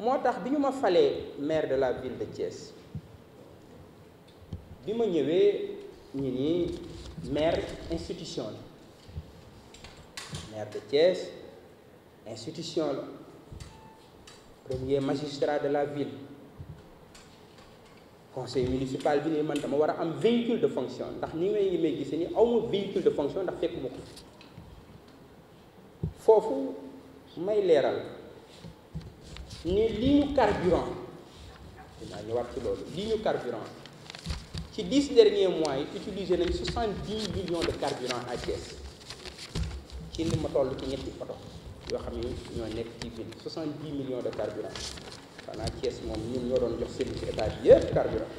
moo tax bi ñu ma falee maire de la ville de Thiès bi ma ñëwee ñu ni maire institution la maire de Thiès institution la premier magistrat de la ville conseil municipal bi ne man dama war a am véhicule de fonction ndax ni ngay may gisee ni aw ma véhicule de fonction ndax fekk ma ko foofu may leeral ni li ñu carburant dinaa ñëwaat ci loolu li ñu carburant ci dix derniers mois yi utilisé nañ soixante dix millions de carburant à Thiès ci ma toll ci ñetti oto yoo xam ne ñoo nekk ci ville soixante dix millions de carburant xanaa Thiès moom ñun ñoo doon jox service état bi yëpp carburant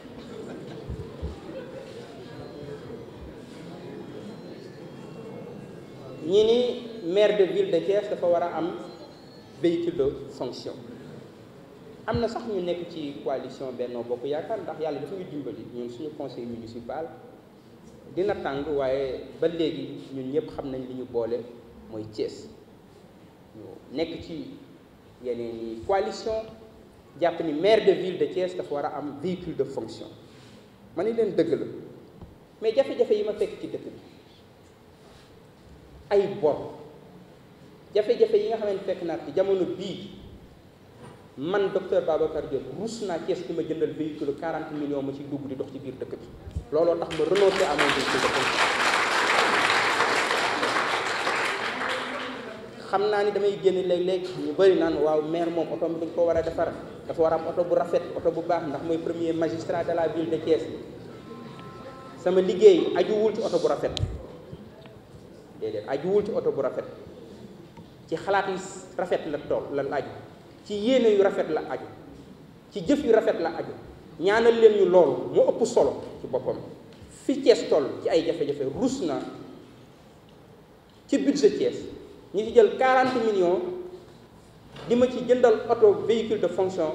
ñi ni maire de ville de Thiès dafa war a am véhicule de fonction am na sax ñu nekk ci coalition Benno Bokk Yaakaar ndax yàlla dafa ñu dimbali ñun suñu conseil municipal dina tàng waaye ba léegi ñun ñëpp xam nañ li ñu boole mooy Thiès nekk ci yeneen i coalition jàpp ni maire de ville de Thiès dafa war a am véhicule de fonction ma ni leen dëgg la mais jafe-jafe yi ma fekk ci dëkk bi ay bor jafe-jafe yi nga xamante fekk naa ci jamono bii man docteur Babacar Diop rus naa Thiès di ma jëndal véhicule 40 millions ma ci dugg di dox ci biir dëkk bi looloo tax ma renoncé à mon véhicule de fonction xam naa ni damay génn léeg-léeg ñu bëri naan waaw meer moom oto bi dañ ko war a defar dafa war a am oto bu rafet oto bu baax ndax mooy premier magistrat de la ville de Thiès sama liggéey ajuwul ci oto bu rafet déedéet ajuwul ci oto bu rafet ci xalaat yi rafet la tool la aj ci yéene yu rafet la aju ci jëf yu rafet la aju ñaanal leen ñu loolu moo ëpp solo ci boppam fi Thiès toll ci ay jafe-jafe rus na ci budget Thiès ñi ci jël 40 million di ma ci jëndal oto véhicule de fonction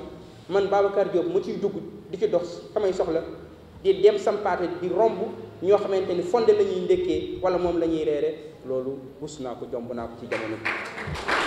man Babacar Diop ma ciy dugg di ci dox samay soxla di dem sampaate di romb ñoo xamante ni fonde lañuy ñuy ndékkee wala moom la ñuy reere loolu rus naa ko jomb naa ko ci jamono bi